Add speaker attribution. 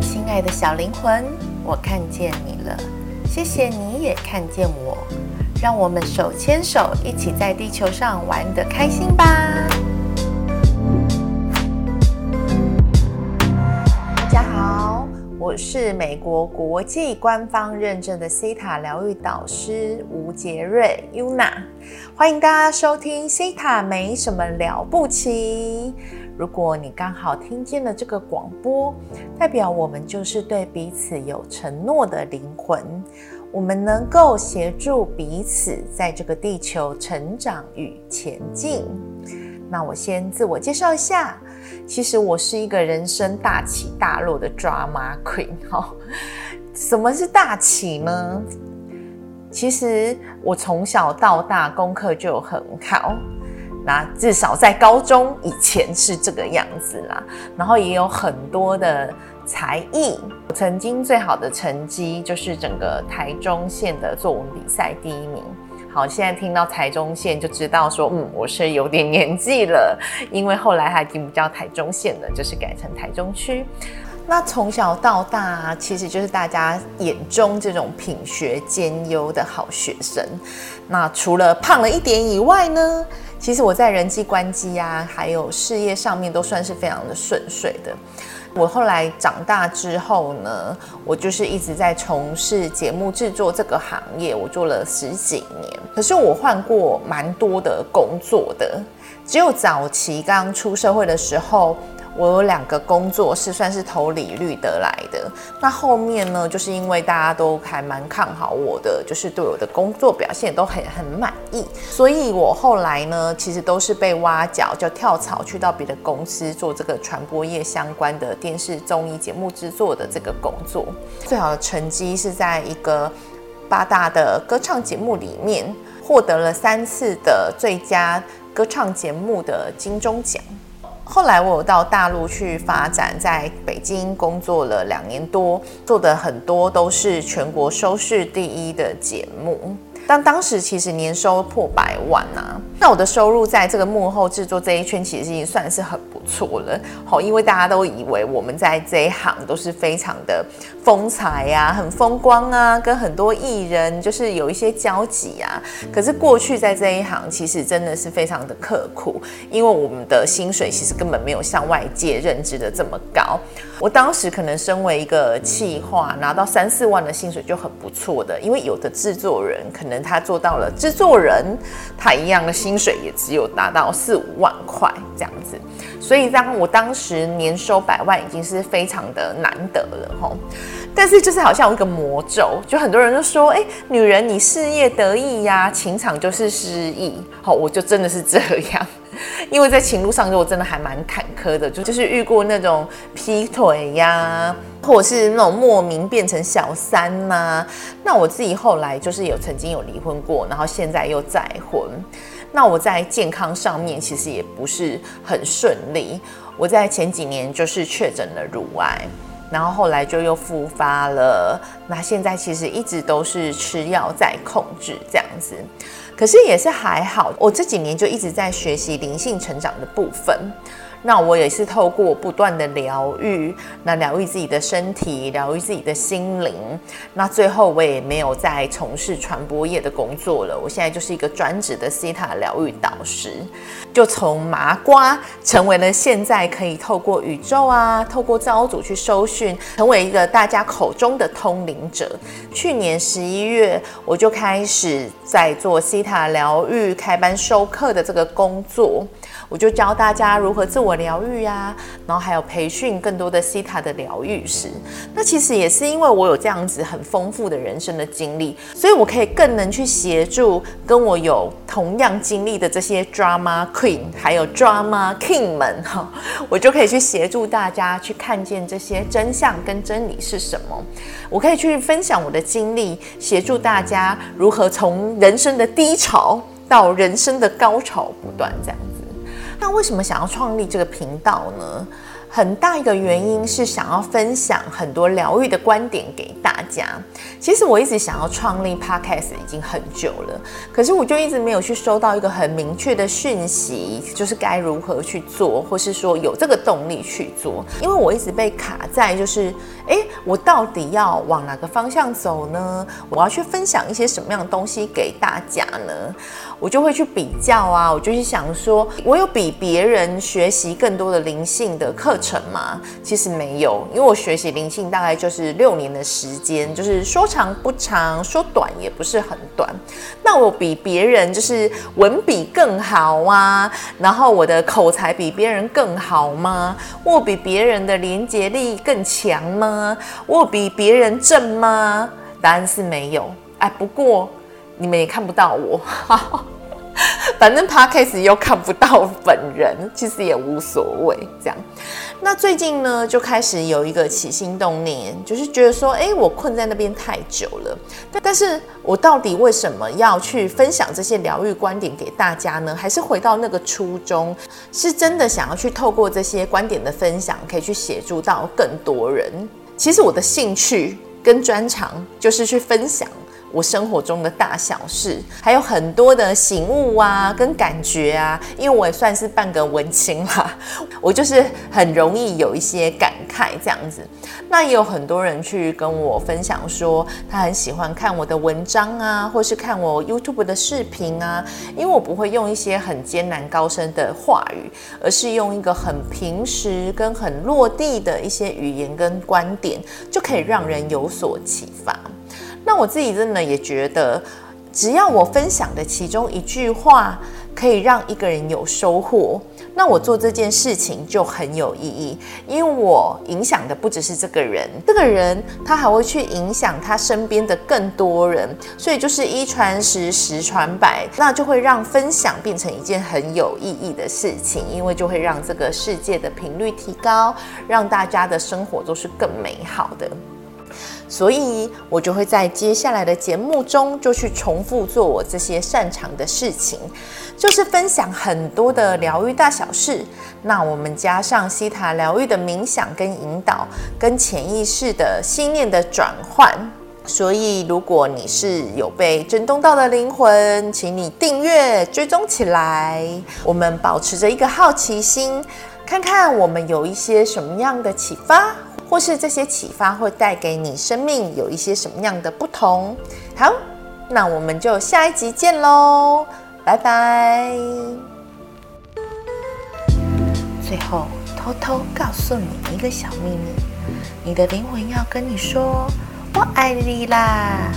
Speaker 1: 親愛的小靈魂，我看見你了，謝謝你也看見我，讓我們手牽手一起在地球上玩得開心吧！大家好，我是美國國際官方認證的希塔療癒導師吳杰瑞 Yuna，歡迎大家收聽希塔沒什麼療不起。如果你剛好聽見了這個廣播，代表我們就是對彼此有承諾的靈魂，我們能夠協助彼此在這個地球成長與前進。那我先自我介紹一下，其實我是一個人生大起大落的抓馬 queen。好，什麼是大起呢？其實我從小到大功課就很好。那至少在高中以前是這個樣子啦，然後也有很多的才藝，我曾經最好的成績就是整個台中縣的作文比賽第一名。好，現在聽到台中縣就知道說，嗯，我是有點年紀了，因為後來它已經不叫台中縣了，就是改成台中區。那從小到大，其實就是大家眼中這種品學兼優的好學生。那除了胖了一點以外呢，其實我在人際關係啊，還有事業上面都算是非常的順遂的。我後來長大之後呢，我就是一直在從事節目制作這個行業，我做了十幾年。可是我換過蠻多的工作的，只有早期剛剛出社會的時候。我有兩個工作是算是投履歷，得來的。那後面呢，就是因為大家都還蠻看好我的，就是對我的工作表現都很很滿意，所以我後來呢，其實都是被挖角，就跳槽去到別的公司做這個傳播業相關的電視綜藝節目制作的這個工作。最好的成績是在一個八大的歌唱節目裡面，獲得了三次的最佳歌唱節目的金鐘獎。後來我有到大陸去發展，在北京工作了兩年多，做的很多都是全國收視第一的節目。但當時其實年收破百萬吶、啊，那我的收入在這個幕後製作這一圈其實已經算是很不錯了。好，因為大家都以為我們在這一行都是非常的風采呀、啊，很風光啊，跟很多藝人就是有一些交集啊。可是過去在這一行其實真的是非常的刻苦，因為我們的薪水其實根本沒有像外界認知的這麼高。我當時可能身為一個企劃，拿到三四萬的薪水就很不錯的，因為有的製作人可能。他做到了製作人，他一樣的薪水也只有達到四五萬塊這樣子，所以當我當時年收百萬已經是非常的難得了吼。但是就是好像有一個魔咒，就很多人都說，哎，女人你事業得意呀，啊，情場就是失意。好、哦，我就真的是這樣，因為在情路上，就我真的還蠻坎坷的，就就是遇過那種劈腿呀，或者是那種莫名變成小三吶。那我自己後來就是有曾經有離婚過，然後現在又再婚。那我在健康上面其實也不是很順利，我在前幾年就是確診了乳癌。然後後來就又復發了，那現在其實一直都是吃藥在控制這樣子，可是也是還好，我這幾年就一直在學習靈性成長的部分。那我也是透過不斷的療癒，那療癒自己的身體，療癒自己的心靈。那最後我也沒有再從事傳播業的工作了。我現在就是一個專職的希塔療癒導師，就從麻瓜成為了現在可以透過宇宙啊，透過造物主去收訊，成為一個大家口中的通靈者。去年十一月，我就開始在做希塔療癒開班授課的這個工作。我就教大家如何自我療癒呀，然後還有培訓更多的希塔的療癒師。那其實也是因為我有這樣子很豐富的人生的經歷，所以我可以更能去協助跟我有同樣經歷的這些 Drama Queen 還有 Drama King 們哈，我就可以去協助大家去看見這些真相跟真理是什麼。我可以去分享我的經歷，協助大家如何從人生的低潮到人生的高潮，不斷這樣。那為什麼想要創立這個頻道呢？很大一個原因是想要分享很多療癒的觀點給大家。其實我一直想要創立 podcast 已經很久了，可是我就一直沒有去收到一個很明確的訊息，就是該如何去做，或是說有這個動力去做。因為我一直被卡在，就是哎、欸，我到底要往哪個方向走呢？我要去分享一些什麼樣的東西給大家呢？我就會去比較啊，我就是想說，我有比別人學習更多的靈性的課程嗎？其實沒有，因為我學習靈性大概就是六年的時間，就是說長不長，說短也不是很短。那我比別人就是文筆更好啊，然後我的口才比別人更好嗎？我比別人的連接力更強嗎？我比別人正嗎？答案是沒有。哎，不過你們也看不到我。 反正他 o c a s 又看不到本人，其實也無所謂。這樣，那最近呢，就開始有一個起心動念，就是覺得說，誒，我困在那邊太久了，但，但是，我到底為什麼要去分享這些療癒觀點給大家呢？還是回到那個初衷，是真的想要去透過這些觀點的分享，可以去協助到更多人。其實我的興趣跟專長就是去分享。我生活中的大小事，還有很多的醒悟啊，跟感覺啊，因為我也算是半個文青啦，我就是很容易有一些感慨這樣子。那也有很多人去跟我分享說，他很喜歡看我的文章啊，或是看我 YouTube 的視頻啊，因為我不會用一些很艱難高深的話語，而是用一個很平實跟很落地的一些語言跟觀點，就可以讓人有所啟發。那我自己真的也覺得，只要我分享的其中一句話可以讓一個人有收穫，那我做這件事情就很有意義，因為我影響的不只是這個人，這個人他還會去影響他身邊的更多人，所以就是一傳十，十傳百，那就會讓分享變成一件很有意義的事情，因為就會讓這個世界的頻率提高，讓大家的生活都是更美好的。所以我就會在接下來的節目中，就去重複做我這些擅長的事情，就是分享很多的療癒大小事。那我們加上希塔療癒的冥想跟引導，跟潛意識的信念的轉換。所以，如果你是有被震動到的靈魂，請你訂閱追蹤起來。我們保持着一個好奇心，看看我們有一些什麼樣的啟發。或是這些啟發會帶給你生命有一些什麼樣的不同？好，那我們就下一集見嘍，拜拜！最後偷偷告訴你一個小祕密，你的靈魂要跟你說“我愛你”啦。